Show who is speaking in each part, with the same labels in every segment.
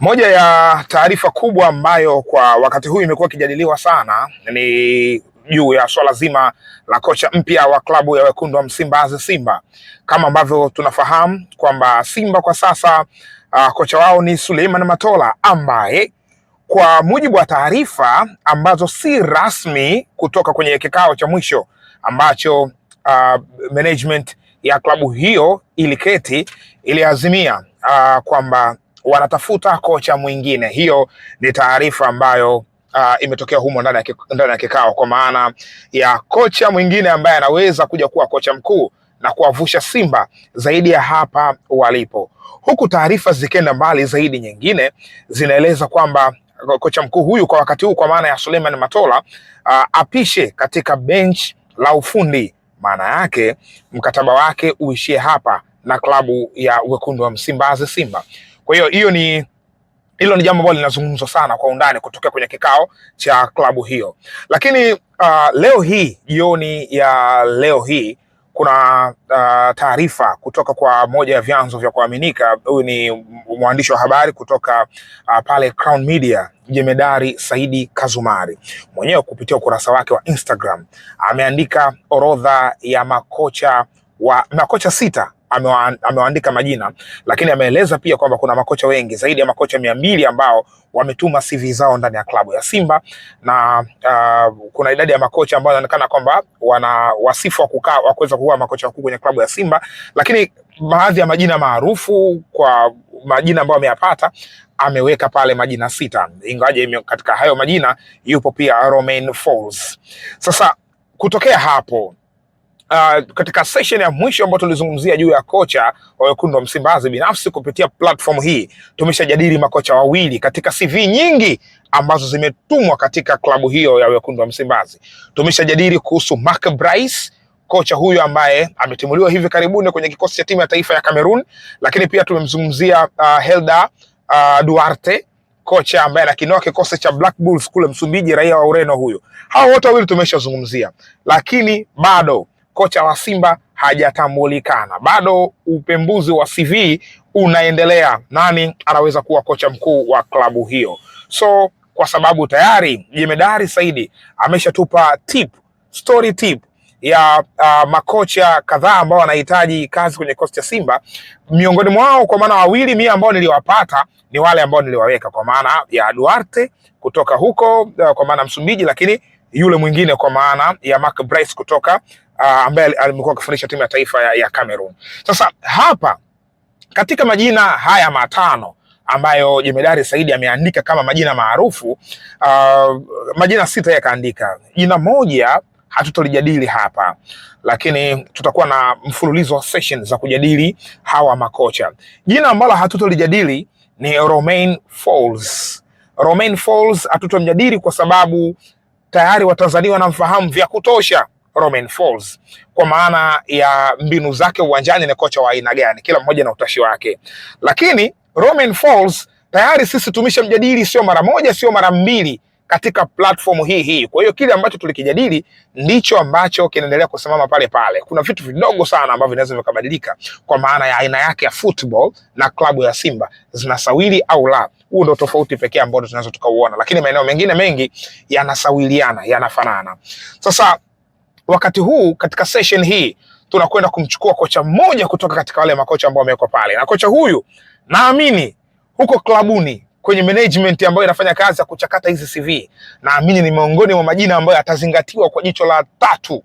Speaker 1: Moja ya taarifa kubwa ambayo kwa wakati huu imekuwa ikijadiliwa sana ni juu ya swala zima la kocha mpya wa klabu ya wekundu wa Msimbazi Simba. Kama ambavyo tunafahamu kwamba Simba kwa sasa uh, kocha wao ni Suleiman Matola ambaye kwa mujibu wa taarifa ambazo si rasmi kutoka kwenye kikao cha mwisho ambacho uh, management ya klabu hiyo iliketi iliazimia uh, kwamba wanatafuta kocha mwingine. Hiyo ni taarifa ambayo Uh, imetokea humo ndani ya kikao kwa maana ya kocha mwingine ambaye anaweza kuja kuwa kocha mkuu na kuwavusha Simba zaidi ya hapa walipo, huku taarifa zikienda mbali zaidi, nyingine zinaeleza kwamba kocha mkuu huyu kwa wakati huu kwa maana ya Suleiman Matola uh, apishe katika bench la ufundi, maana yake mkataba wake uishie hapa na klabu ya wekundu wa Msimbazi Simba. Kwa hiyo hiyo ni hilo ni jambo ambalo linazungumzwa sana kwa undani kutokea kwenye kikao cha klabu hiyo. Lakini uh, leo hii jioni ya leo hii kuna uh, taarifa kutoka kwa moja ya vyanzo vya kuaminika. Huyu ni mwandishi wa habari kutoka uh, pale Crown Media, jemedari Saidi Kazumari mwenyewe kupitia ukurasa wake wa Instagram ameandika orodha ya makocha wa makocha sita amewaandika majina, lakini ameeleza pia kwamba kuna makocha wengi zaidi ya makocha mia mbili ambao wametuma CV zao ndani ya klabu ya Simba na uh, kuna idadi ya makocha ambao wanaonekana kwamba wana wasifu wa kukaa wa kuweza kuwa makocha wakuu kwenye klabu ya Simba, lakini baadhi ya majina maarufu kwa majina ambayo ameyapata ameweka pale majina sita, ingawaje katika hayo majina yupo pia Romain Folz. Sasa kutokea hapo uh, katika session ya mwisho ambayo tulizungumzia juu ya kocha wa wekundu wa Msimbazi, binafsi kupitia platform hii tumeshajadili makocha wawili katika CV nyingi ambazo zimetumwa katika klabu hiyo ya wekundu wa Msimbazi. Tumeshajadili kuhusu Mark Bryce kocha huyu ambaye ametimuliwa hivi karibuni kwenye kikosi cha timu ya taifa ya Cameroon, lakini pia tumemzungumzia uh, ah, Helda uh, Duarte kocha ambaye anakinoa kikosi cha Black Bulls kule Msumbiji, raia wa Ureno huyo. Hao wote wawili tumeshazungumzia, lakini bado kocha wa Simba hajatambulikana bado. Upembuzi wa CV unaendelea, nani anaweza kuwa kocha mkuu wa klabu hiyo? So kwa sababu tayari Jemedari Saidi ameshatupa tip, story tip ya uh, makocha kadhaa ambao wanahitaji kazi kwenye kikosi cha Simba. Miongoni mwao kwa maana wawili mia ambao niliwapata ni wale ambao niliwaweka kwa maana ya Duarte kutoka huko uh, kwa maana Msumbiji, lakini yule mwingine kwa maana ya Mark Bryce kutoka uh, ambaye alimekuwa akifundisha timu ya taifa ya, ya Cameroon. Sasa hapa katika majina haya matano ambayo Jemedari Saidi ameandika kama majina maarufu uh, majina sita yeye kaandika. Jina moja hatutolijadili hapa, lakini tutakuwa na mfululizo wa session za kujadili hawa makocha. Jina ambalo hatutolijadili ni Romain Folz. Romain Folz hatutomjadili kwa sababu tayari Watanzania wanamfahamu vya kutosha. Roman Falls, kwa maana ya mbinu zake uwanjani ni kocha wa aina gani, kila mmoja na utashi wake. Lakini Roman Falls tayari sisi mjadili sio mara moja, sio mara mbili katika platform hii hii. Kwa hiyo kile ambacho tulikijadili ndicho ambacho kinaendelea kusimama pale pale. Kuna vitu vidogo sana ambavyo vinaweza vikabadilika kwa maana ya aina yake ya football na klabu ya Simba zinasawili au la. Huo ndio tofauti pekee ambao tunaweza tukauona, lakini maeneo mengine mengi yanasawiliana, yanafanana. Sasa wakati huu katika session hii tunakwenda kumchukua kocha mmoja kutoka katika wale makocha ambao wamewekwa pale, na kocha huyu naamini huko klabuni kwenye management ambayo inafanya kazi ya kuchakata hizi CV, naamini ni miongoni mwa majina ambayo atazingatiwa kwa jicho la tatu.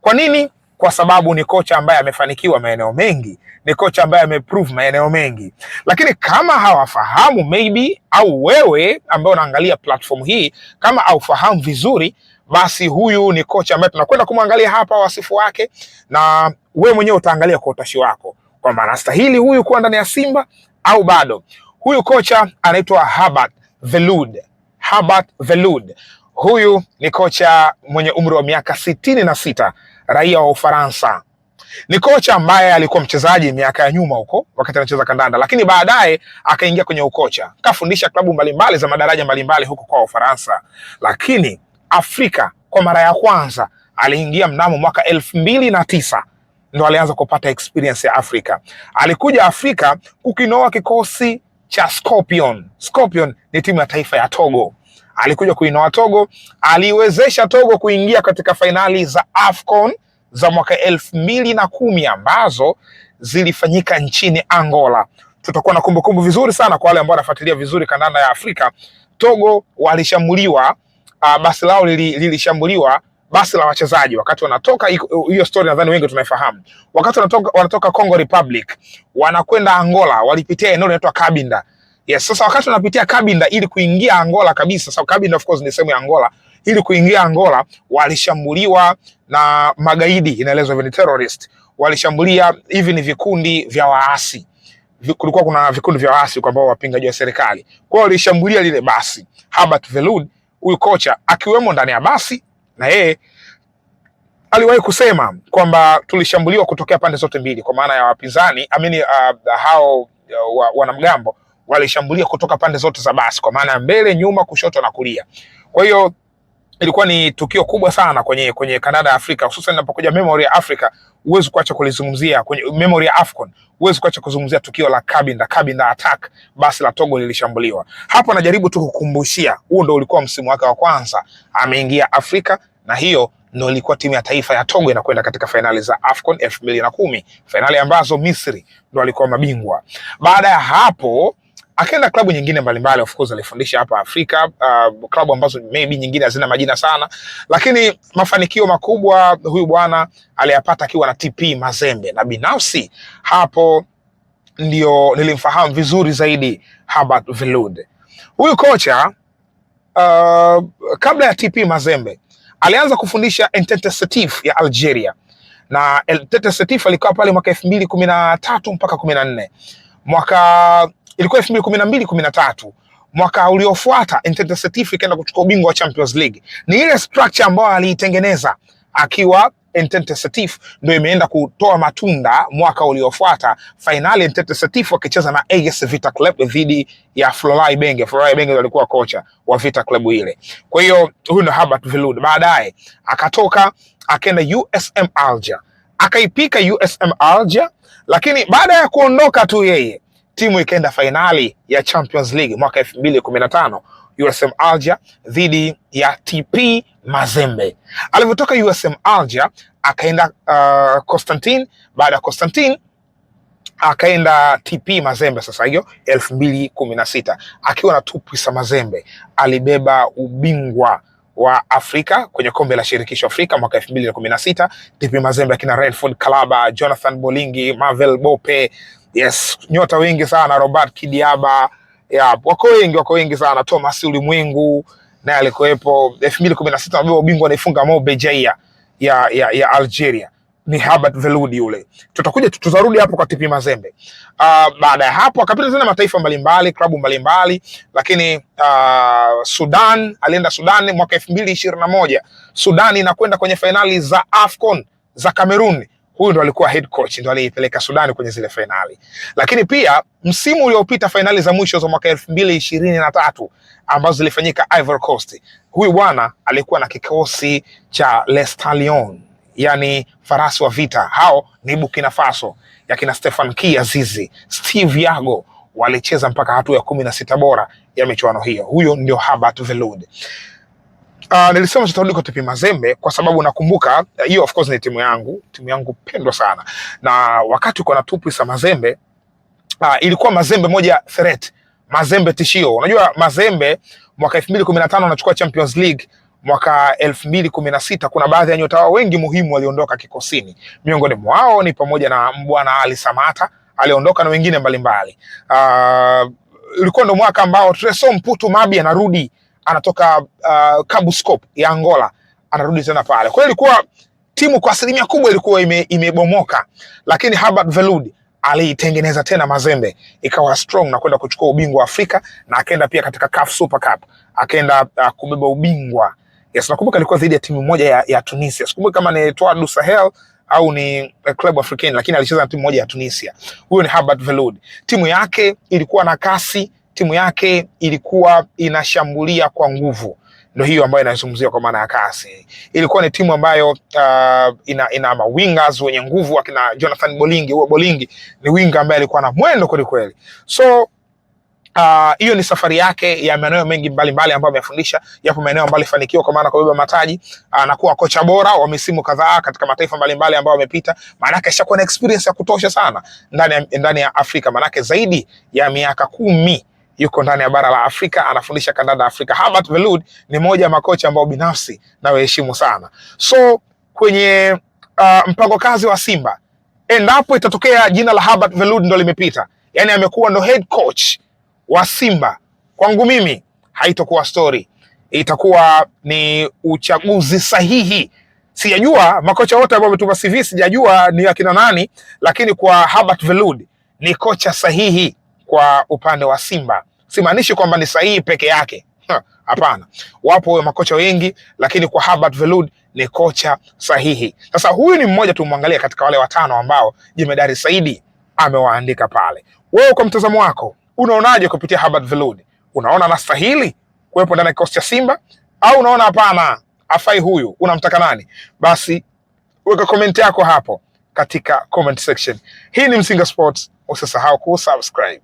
Speaker 1: Kwa nini? Kwa sababu ni kocha ambaye amefanikiwa maeneo mengi, ni kocha ambaye ameprove maeneo mengi. Lakini kama hawafahamu maybe, au wewe ambaye unaangalia platform hii, kama haufahamu vizuri basi huyu ni kocha ambaye tunakwenda kumwangalia hapa wasifu wake, na we mwenyewe utaangalia kwa utashi wako kwamba anastahili huyu kuwa ndani ya Simba au bado. Huyu kocha anaitwa Herbert Velud. Herbert Velud huyu ni kocha mwenye umri wa miaka sitini na sita, raia wa Ufaransa. Ni kocha ambaye alikuwa mchezaji miaka ya nyuma huko wakati anacheza kandanda, lakini baadaye akaingia kwenye ukocha, kafundisha klabu mbalimbali za madaraja mbalimbali huko kwa Ufaransa, lakini Afrika kwa mara ya kwanza aliingia mnamo mwaka elfu mbili na tisa ndo alianza kupata experience ya Afrika. Alikuja Afrika kukinoa kikosi cha Scorpion. Scorpion ni timu ya taifa ya Togo. Alikuja kuinoa Togo, aliwezesha Togo kuingia katika fainali za AFCON za mwaka elfu mbili na kumi ambazo zilifanyika nchini Angola. Tutakuwa na kumbukumbu vizuri sana kwa wale ambao wanafuatilia vizuri kandanda ya Afrika. Togo walishambuliwa uh, basi lao lilishambuliwa li, li basi la wachezaji wakati wanatoka. Hiyo story nadhani wengi tunaifahamu. Wakati wanatoka, wanatoka Congo Republic wanakwenda Angola, walipitia eneo linaloitwa Cabinda. Yes, sasa wakati wanapitia Cabinda ili kuingia Angola kabisa. Sasa Cabinda of course ni sehemu ya Angola. Ili kuingia Angola walishambuliwa na magaidi, inaelezwa hivi ni terrorist. Walishambulia hivi ni vikundi vya waasi kulikuwa kuna vikundi vya waasi ambao wapingaji wa serikali. Kwa hiyo walishambulia lile basi Habat Velud huyu kocha akiwemo ndani ya basi, na yeye aliwahi kusema kwamba tulishambuliwa kutokea pande zote mbili, kwa maana ya wapinzani amini, uh, hao uh, wanamgambo walishambulia kutoka pande zote za basi, kwa maana ya mbele, nyuma, kushoto na kulia. Kwa hiyo ilikuwa ni tukio kubwa sana kwenye kwenye Kanada ya Afrika, hususan inapokuja memory ya Afrika. Huwezi kuacha kulizungumzia kwenye memory ya AFCON, huwezi kuacha kuzungumzia tukio la Kabinda, Kabinda attack, basi la Togo lilishambuliwa. Hapo najaribu tu kukumbushia, huo ndo ulikuwa msimu wake wa kwanza ameingia Afrika, na hiyo ndo ilikuwa timu ya taifa ya Togo inakwenda katika fainali za AFCON elfu mbili na kumi, fainali ambazo Misri ndo alikuwa mabingwa. Baada ya hapo akaenda klabu nyingine mbalimbali, of course alifundisha hapa Afrika uh, klabu ambazo maybe nyingine hazina majina sana, lakini mafanikio makubwa huyu bwana aliyapata akiwa na TP Mazembe, na binafsi hapo ndio nilimfahamu vizuri zaidi Herbert Huyu kocha uh, kabla ya TP Mazembe alianza kufundisha Entente Setif ya Algeria, na Entente Setif alikuwa pale mwaka elfu mbili kumi na tatu mpaka kumi na nne mwaka ilikuwa elfu mbili kumi na mbili kumi na tatu mwaka uliofuata Entente Setif ikaenda kuchukua ubingwa wa Champions League. Ni ile structure ambayo aliitengeneza akiwa Entente Setif ndio imeenda kutoa matunda mwaka uliofuata, fainali Entente Setif wakicheza na AS Vita Club dhidi ya Florent Ibenge. Florent Ibenge alikuwa kocha wa Vita Club ile. Kwa hiyo huyu ndo Herbert Velud, baadaye akatoka akaenda USM Alger, akaipika USM Alger, lakini baada ya kuondoka tu yeye timu ikaenda fainali ya Champions League mwaka elfu mbili kumi na tano USM Alger dhidi ya TP Mazembe. Alivyotoka USM Alger akaenda uh, Constantine. Baada ya Constantine akaenda TP Mazembe, sasa hiyo elfu mbili kumi na sita akiwa na tupisa Mazembe alibeba ubingwa wa Afrika kwenye kombe la shirikisho Afrika mwaka elfu mbili na kumi na sita. TP Mazembe akina Redford Kalaba, Jonathan Bolingi, Marvel Bope Yes, nyota wengi sana, Robert Kidiaba, yeah, wako wengi, wako wengi sana. Thomas Ulimwengu naye alikuwepo elfu mbili kumi na sita nabeba ubingwa anaifunga Mo Bejaia ya, ya, ya Algeria ni Herbert Veludi yule. Tutakuja tutarudi hapo kwa TP Mazembe. Uh, baada ya hapo akapita tena mataifa mbalimbali, klabu mbalimbali, lakini uh, Sudan alienda Sudan mwaka elfu mbili ishirini na moja. Sudan inakwenda kwenye fainali za AFCON za Cameroon Huyu ndo alikuwa head coach, ndo aliipeleka Sudani kwenye zile fainali. Lakini pia msimu uliopita fainali za mwisho za mwaka elfu mbili ishirini na tatu ambazo zilifanyika Ivory Coast, huyu bwana alikuwa na kikosi cha Les yani farasi wa vita. Hao ni Burkina Faso kina Stefan Ki Azizi, Steve Yago walicheza mpaka hatua ya kumi na sita bora ya michuano hiyo. Huyo ndio Herbert Velud. Uh, nilisema tutarudi kwa TP Mazembe kwa sababu nakumbuka eh, hiyo, uh, of course ni timu yangu, timu yangu pendwa sana, na wakati uko na TP Mazembe uh, ilikuwa Mazembe moja threat, Mazembe tishio. Unajua Mazembe mwaka 2015 anachukua Champions League mwaka elfu mbili kumi na sita kuna baadhi ya nyota wengi muhimu waliondoka kikosini. Miongoni mwao ni pamoja na Mbwana Ali Samata aliondoka na wengine mbalimbali. Ulikuwa ah, uh, ndo mwaka ambao Tresor Mputu Mabi anarudi anatoka uh, Kabuscorp ya Angola anarudi tena pale. Kwa hiyo ilikuwa timu kwa asilimia kubwa ilikuwa imebomoka ime, lakini Herbert Velud aliitengeneza tena mazembe ikawa strong na kwenda kuchukua ubingwa wa Afrika na akaenda pia katika CAF Super Cup akaenda uh, kubeba ubingwa. Yes, nakumbuka ilikuwa dhidi ya timu moja ya, ya Tunisia. Sikumbuki kama ni Etoile du Sahel au ni uh, Club Africain, lakini alicheza na timu moja ya Tunisia. Huyo ni Herbert Velud. Timu yake ilikuwa na kasi timu yake ilikuwa inashambulia kwa nguvu, ndio hiyo ambayo inazungumziwa kwa maana ya kasi. Ilikuwa ni timu ambayo uh, ina, ina mawingers wenye nguvu akina Jonathan Bolingi. Huo Bolingi ni winga ambaye alikuwa na mwendo kweli kweli, so uh, hiyo uh, ni safari yake ya maeneo mengi mbalimbali ambayo amefundisha. Yapo maeneo ambayo alifanikiwa kwa maana kubeba mataji uh, na kuwa kocha bora wa misimu kadhaa katika mataifa mbalimbali ambayo amepita. Maana yake ashakuwa na experience ya kutosha sana ndani ya, ndani ya Afrika, maana yake zaidi ya miaka kumi yuko ndani ya bara la Afrika, anafundisha kandanda Afrika. Herbert Velud ni moja ya makocha ambao binafsi nawaheshimu sana. So kwenye uh, mpango kazi wa Simba, endapo itatokea jina la Herbert Velud ndo limepita, yani amekuwa ndo head coach wa Simba, kwangu mimi haitokuwa story, itakuwa ni uchaguzi sahihi. Sijajua makocha wote ambao wametuma CV, sijajua ni akina nani, lakini kwa Herbert Velud ni kocha sahihi kwa upande wa Simba simaanishi kwamba ni sahihi peke yake, hapana. Wapo makocha wengi, lakini kwa Herbert Velud ni kocha sahihi. Sasa huyu ni mmoja tu, tumwangalia katika wale watano ambao Jemedari Saidi amewaandika pale. Wewe kwa mtazamo wako unaonaje kupitia Herbert Velud? Unaona anastahili kuwepo ndani ya kikosi cha Simba au unaona hapana, afai huyu? Unamtaka nani? Basi weka comment yako hapo katika comment section. Hii ni Msinga Sports, usisahau kusubscribe.